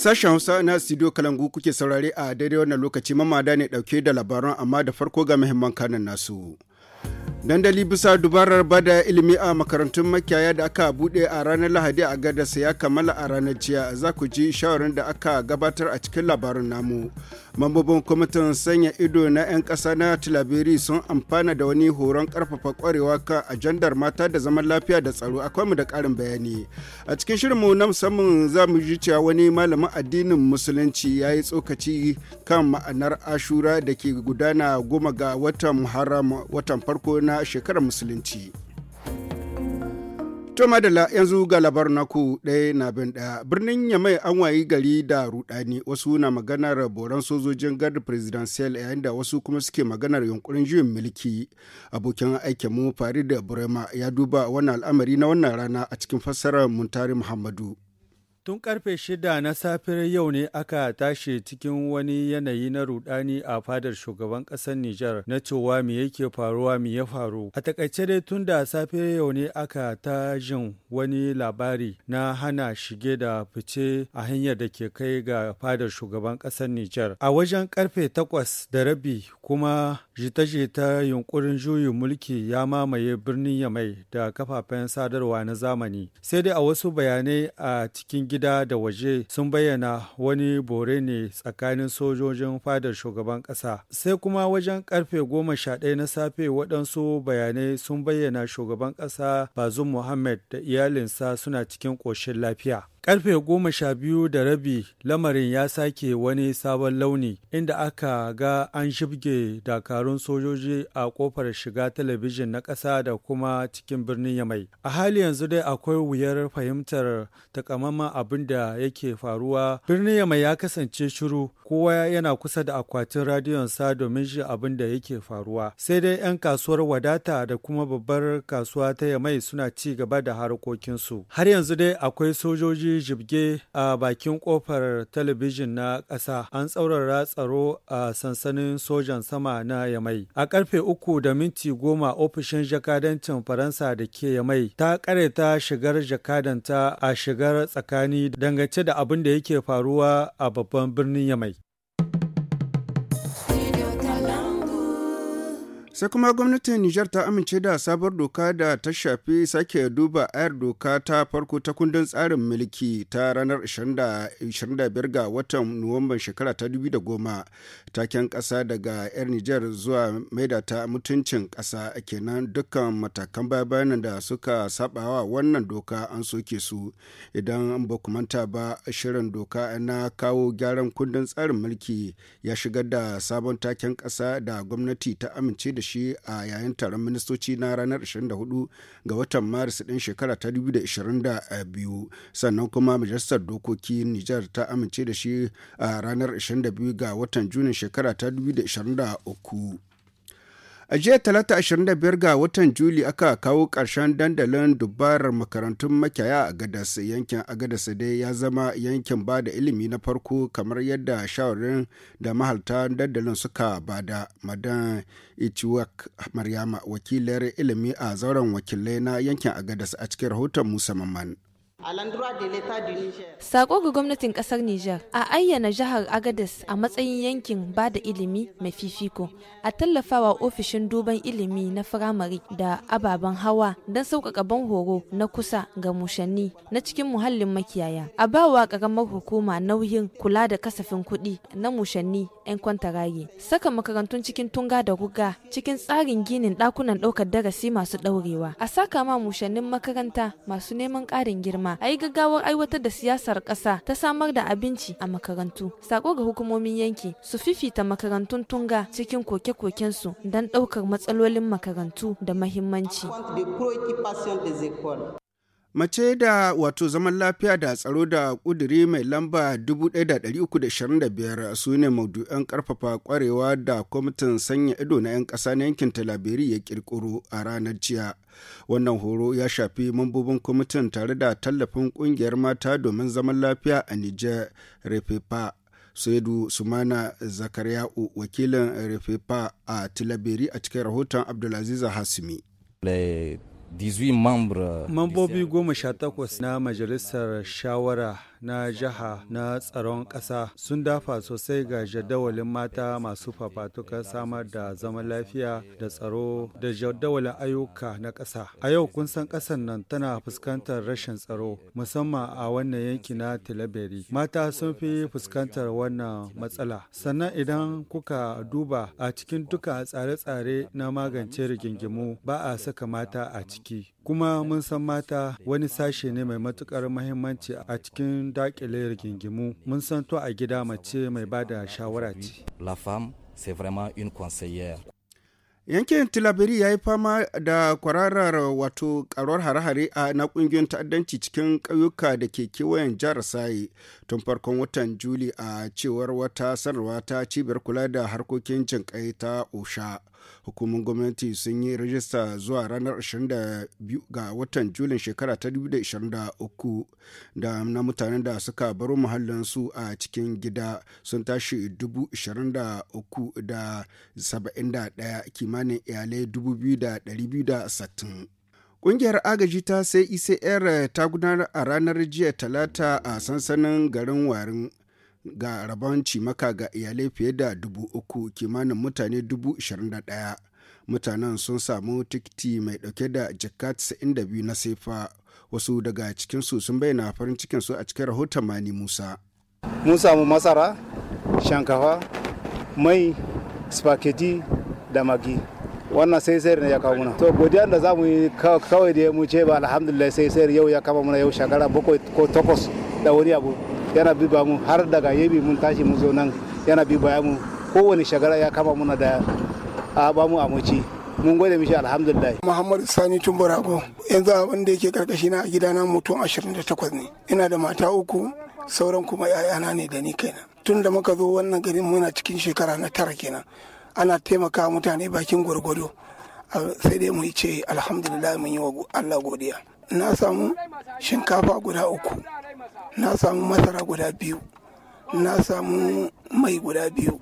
Sashen Hausa na studio Kalangu kuke saurare a daidai wannan lokaci mamada ne dauke da labaran amma da farko ga muhimman kanan nasu. Dandali bisa dubarar bada ilimi a makarantun makiyaya da aka bude a ranar Lahadi a gadarsa ya kammala a ranar jiya za ku ji shawarin da aka gabatar a cikin labarin namu. mambobin kwamitin sanya ido na 'yan ƙasa na tilabiri sun amfana da wani horon ƙarfafa kwarewa ka ajandar mata da zaman lafiya da tsaro akwai mu da karin bayani a cikin shirinmu na musamman za mu ji cewa wani malamin addinin musulunci ya yi tsokaci kan ma'anar ashura da ke gudana goma ga watan farko na shekarar musulunci To madala yanzu ga labar naku ɗaya na bin ɗaya birnin Yamai an wayi gari da rudani wasu na maganar boran sojojin gard presidential yayin da wasu kuma suke maganar yunkurin juyin mulki abokin aikin mu Farid Burema ya duba wannan al'amari na wannan rana a cikin fassarar Muntari Muhammadu. Tun karfe shida na safiyar yau ne aka tashi cikin wani yanayi na rudani a fadar shugaban ƙasar Nijar na cewa me yake faruwa me ya faru. A takaice dai tun da safiyar yau ne aka tajin wani labari na hana shige da fice a hanyar da ke kai ga fadar shugaban ƙasar Nijar. A wajen karfe takwas da rabi kuma jita-jita yunkurin juyin mulki ya mamaye birnin Yamai da kafafen sadarwa na zamani. Sai dai a wasu bayanai a cikin gida da waje sun bayyana wani bore ne tsakanin sojojin fadar shugaban ƙasa. Sai kuma wajen karfe goma sha ɗaya na safe waɗansu bayanai sun bayyana shugaban ƙasa Bazum Muhammad da iyalinsa suna cikin ƙoshin lafiya. Karfe goma sha biyu da rabi lamarin ya sake wani sabon launi inda aka ga an shibge dakarun sojoji a kofar shiga talabijin na ƙasa da kuma cikin birnin Yamai. A hali yanzu dai akwai wuyar fahimtar takamama abin da yake faruwa. Birnin Yamai ya kasance shiru kowa yana kusa da akwatin radiyonsa domin shi abin da yake faruwa. Sai dai 'yan kasuwar wadata da kuma babbar kasuwa ta Yamai suna ci gaba da harkokinsu. Har yanzu dai akwai sojoji jibge a bakin kofar talabijin na ƙasa an tsaurara tsaro a sansanin sojan sama na Yamai. A karfe uku da minti goma ofishin jakadancin Faransa da ke Yamai ta ta shigar jakadanta a shigar tsakani dangance da abin da yake faruwa a babban birnin Yamai. sai kuma gwamnatin Nijar ta amince da sabuwar doka da ta shafi sake duba ayar doka ta farko ta kundin tsarin mulki ta ranar 25 ga watan Nuwamban shekara ta da 2010 taken ƙasa daga 'yar Nijar zuwa maida ta mutuncin ƙasa kenan dukkan matakan bayanan da suka sabawa wannan doka an soke su idan ba manta ba shirin doka na kawo gyaran kundin tsarin mulki ya shigar da sabon taken ƙasa da gwamnati ta amince da shi shi a yayin taron ministoci na ranar 24 ga watan maris din shekara ta 2022 sannan kuma majalisar dokoki Nijar ta amince da shi a ranar 22 ga watan Junin shekara ta 2023. A jiya talata 25 ga watan Juli aka kawo ƙarshen dandalin dubbarar makarantun makiyaya a Gadas yankin Agadas dai ya zama yankin ba da ilimi na farko kamar yadda shawarin da mahalta dandalin suka bada madan Ichiwak Maryama wakilar ilimi a zauren wakilai na yankin Agadas a cikin rahoton Musa Mamman. Sako ga gwamnatin kasar Nijar a ayyana jihar Agadez a matsayin yankin ba da ilimi mai fifiko, a tallafawa ofishin duban ilimi na firamare da ababen hawa don sauƙaƙa ban horo na kusa ga mushanni na cikin muhallin makiyaya, a bawa ƙaramar hukuma nauyin kula da kasafin kuɗi na mushanni 'yan kwantarage, saka makarantun cikin tunga da guga cikin tsarin ginin ɗakunan ɗaukar darasi masu ɗaurewa, a saka ma mushannin makaranta masu neman ƙarin girma. al'umma a yi gaggawar aiwatar da siyasar ƙasa ta samar da abinci a makarantu sako ga hukumomin yanki su fifita makarantun tunga cikin koke-kokensu don ɗaukar matsalolin makarantu da mahimmanci Mace da wato zaman lafiya da tsaro da kuduri mai lamba 1325 su ne maudu'an karfafa kwarewa da kwamitin sanya ido na 'yan ƙasa na yankin talabiri ya kirkiro a ranar jiya. Wannan horo ya shafi mambobin kwamitin tare da tallafin kungiyar mata domin zaman lafiya a Nijar Refepa. Saidu Sumana Zakariya'u wakilin Refepa a talabiri a cikin rahoton Abdulaziz Hasimi. 18 membres. Mambobi goma sha takwas na majalisar shawara na jiha na tsaron ƙasa sun dafa sosai ga jadawalin mata masu fafatuka samar da zaman lafiya da tsaro da jadawalin ayyuka na ƙasa. A yau kun san ƙasar nan tana fuskantar rashin tsaro musamman a wannan yanki na Tilaberi. Mata sun fi fuskantar wannan matsala. Sannan idan kuka duba a cikin duka tsare-tsare na magance rigingimu ba a saka mata a ciki. kuma mun san mata wani sashe ne mai matukar mahimmanci a cikin dakile rigingimu mun san to a gida mace mai ba da shawara ce la femme c'est vraiment une conseillère yankin tilabiri ya yi fama da kwararar wato karuwar hare-hare a na kungiyar ta'addanci cikin ƙauyuka da ke kewayen jihar sai tun farkon watan juli a cewar wata sanarwa ta cibiyar kula da harkokin jinƙai ta osha hukumar gwamnati sun yi rajista zuwa ranar 22 ga watan julin shekara ta 2023 da na mutanen da suka baro muhallinsu a cikin gida sun tashi 23,071 kimanin iyalai 2,260 Ƙungiyar agaji ta sai ICR e ta gudanar a ranar jiya talata a sansanin garin warin ga rabon cimaka ga iyalai fiye da dubu uku kimanin mutane dubu ishirin da ɗaya. Mutanen sun samu tikiti mai ɗauke da jaka 92 na sefa wasu daga cikinsu sun bayyana farin cikinsu a cikin rahoton Mani Musa. Mun samu masara, shankafa, mai, spaghetti da magi. wannan sai sayar ne ya kawo muna to godiya da za mu yi kawai da mu ce ba alhamdulillah sai sayar yau ya kama muna yau shakara bakwai ko takwas da wani abu yana biba mu har daga yabi mun tashi mu zo nan yana biba mu kowane shagara ya kama muna da a ba mu amuci mun gode mishi alhamdulillah muhammadu sani tumburago yanzu abin da yake karkashi na a gidana mutum 28 ne ina da mata uku sauran kuma yayana ne da ni kaina tun da muka zo wannan garin muna cikin shekara na tara kenan ana taimaka mutane bakin gwargwado sai dai mu ce alhamdulillah mun yi wa allah godiya na samu shinkafa guda uku na samu masara guda biyu na samu mai guda biyu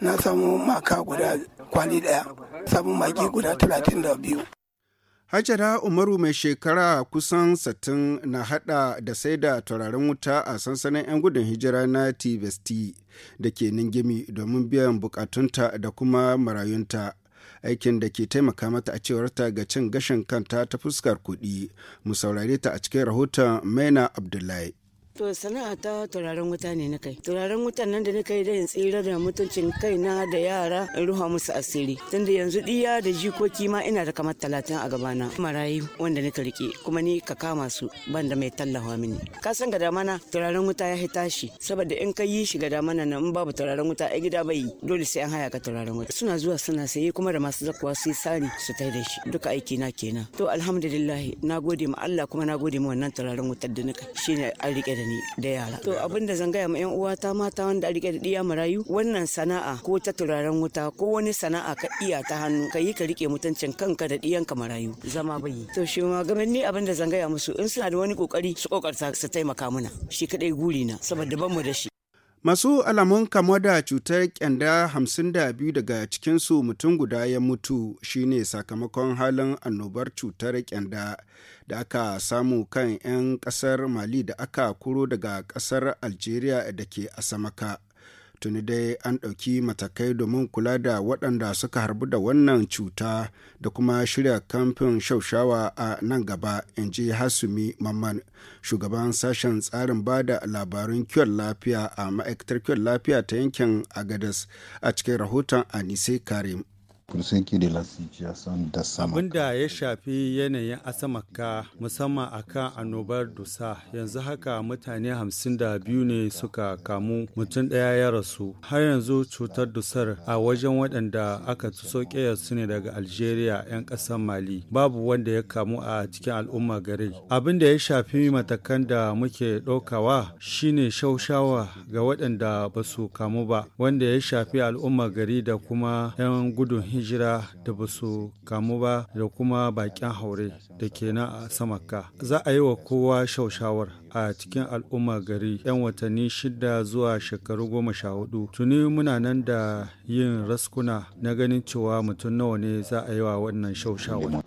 na samu maka guda kwali daya samu magi guda talatin da biyu Hajara Umaru mai shekara kusan satin na hada da sai da turaren wuta a sansanin 'yan gudun hijira na TVST da ke Ningimi domin biyan bukatunta da kuma marayunta. aikin da ke taimaka mata a cewar ta ga cin gashin kanta ta fuskar kuɗi mu saurare ta a cikin rahoton maina abdullahi To sana'a ta turaren wuta ne na kai. Turaren wutan nan da na kai da tsira da mutuncin kai na da yara in ruha musu asiri. Tunda yanzu diya da jikoki ma ina da kamar talatin a gabana. Marayu wanda nika rike kuma ni ka kama su da mai tallafa mini. Ka san ga mana turaren wuta ya tashi saboda in ka yi shi ga mana nan babu turaren wuta a gida bai dole sai an haya ka turaren wuta. Suna zuwa suna saye kuma da masu zakuwa su yi sani su tai da shi duka aiki na kenan. To alhamdulillah na gode ma Allah kuma na gode ma wannan turaren wutar da nika shine an rike da ni da yara to abin da zan gaya ma yan ta mata wanda rike da diya marayu wannan sana'a ko ta turaren wuta ko wani sana'a ka iya ta hannu ka yi ka rike mutuncin kanka da ka marayu zama bai to shi ma musu in suna da wani kokari su kokarta su taimaka mana shi kadai guri na Masu alamun kamuwa da cutar kyanda hamsin da biyu daga cikinsu mutum guda ya mutu shine sakamakon halin annobar cutar kyanda da aka samu kan 'yan kasar Mali da aka kuro daga kasar Algeria da ke Asamaka. tuni dai an ɗauki matakai domin kula da waɗanda suka harbu da wannan cuta da kuma shirya kamfin shaushawa a nan gaba in ji hasumi mamman shugaban sashen tsarin ba da labarun kiwon lafiya a ma'aikatar kiwon lafiya ta yankin agadas a cikin rahoton anise karim Abin da ya shafi yanayin asamaka musamman a kan annobar dusa yanzu haka mutane 52 ne suka kamu mutum daya ya rasu. Har yanzu cutar dusar a wajen waɗanda aka ci soke su ne daga Algeria 'yan ƙasar Mali. Babu wanda ya kamu a cikin al'umma gari. Abin da ya shafi matakan da muke ɗaukawa shine shaushawa ga waɗanda ba su kamu ba wanda ya shafi al'umma gari da kuma 'yan gudun hijira. hijira da ba su kamu ba da kuma bakin haure da ke na a samaka za a yi wa kowa shaushawar a cikin al'umma gari 'yan watanni shida zuwa shekaru goma sha hudu tuni muna nan da yin raskuna na ganin cewa mutum nawa ne za a yi wa wannan shaushawar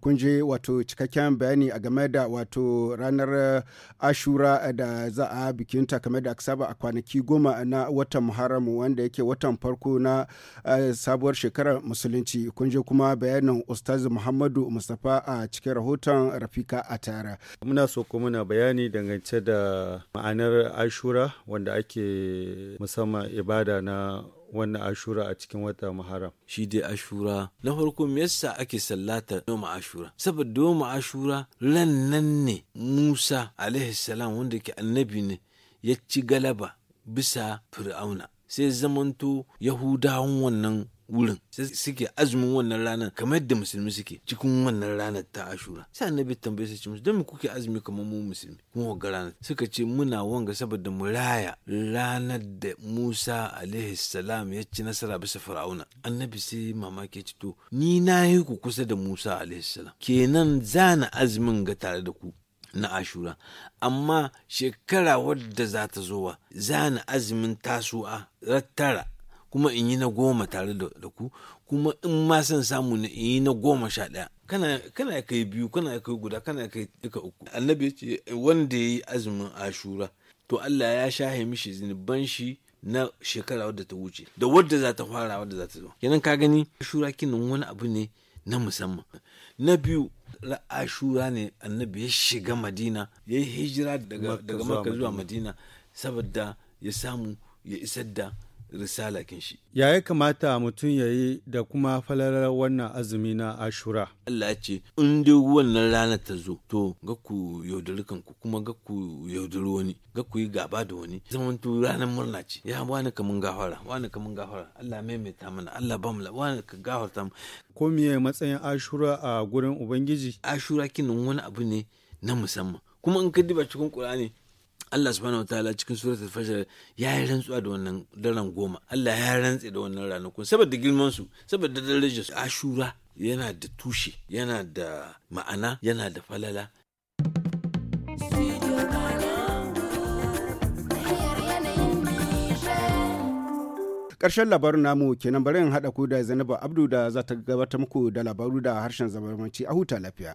kun je wato cikakken bayani a game da wato ranar eh, ashura eh, da za a bikinta kamar da saba a kwanaki goma na watan muharram wanda yake watan farko na eh, sabuwar shekarar musulunci kun je kuma bayanin ustaz muhammadu mustapha a cikin rahoton rafika a tara muna so ko muna bayani dangance da ma'anar ashura wanda ake musamman ibada na wannan ashura a cikin wata muharram shi dai ashura na farko me yasa ake sallata doma ashura saboda doma ashura lannan ne musa alaihi salam wanda ke annabi ne ya ci galaba bisa fir'auna sai zamanto yahudawan wannan wurin suke azumin wannan ranar kamar da musulmi suke cikin wannan ranar ta ashura sai annabi tambaye su ce musu don me kuke azumi kamar mu musulmi kuma wanga ranar suka ce muna wanga saboda mu raya ranar da Musa alaihi ya ci nasara bisa Fir'auna annabi sai mamaki ci to ni na yi ku kusa da Musa alaihi salam kenan zana azumin ga tare da ku na ashura amma shekara wadda za ta zowa zana azumin tasu'a rattara kuma in yi na goma tare da ku kuma in ma san samu ne in yi na goma sha ɗaya kana ya kai biyu kana kai guda kana kai duka uku annabi ya ce wanda ya yi azumin ashura to Allah ya shahe mishi zunuban shi na shekara wadda ta wuce da wadda za ta fara wadda za ta zo yanan ka gani ashura kinin wani abu ne na musamman na biyu ashura ne annabi ya shiga madina ya yi hijira daga makka zuwa madina saboda ya samu ya isar da risala kin shi. Ya ya kamata mutum ya yi da kuma falalar wannan azumi na Ashura? Allah ce, in dai wannan rana ta zo, to ga ku yaudari kanku kuma ga ku yaudari wani, ga ku yi gaba da wani. Zaman to ranar murna ce, ya wani kamun gafara, wani kamun gafara, Allah maimaita mana, Allah ba mula wani ka gafarta mu. Ko miye matsayin Ashura a gurin Ubangiji? Ashura kinin wani abu ne na musamman. Kuma in ka diba cikin Ƙur'ani Allah subhanahu wataala cikin surat al-fajr ya yi rantsuwa da wannan daren goma Allah ya rantse da wannan ranakun saboda girman su saboda darajar su ashura yana da tushe yana da ma'ana yana da falala karshen labarin namu kenan bari in haɗa ku da Zainabu Abdu da za ta gabatar muku da labaru da harshen zamanci a huta lafiya.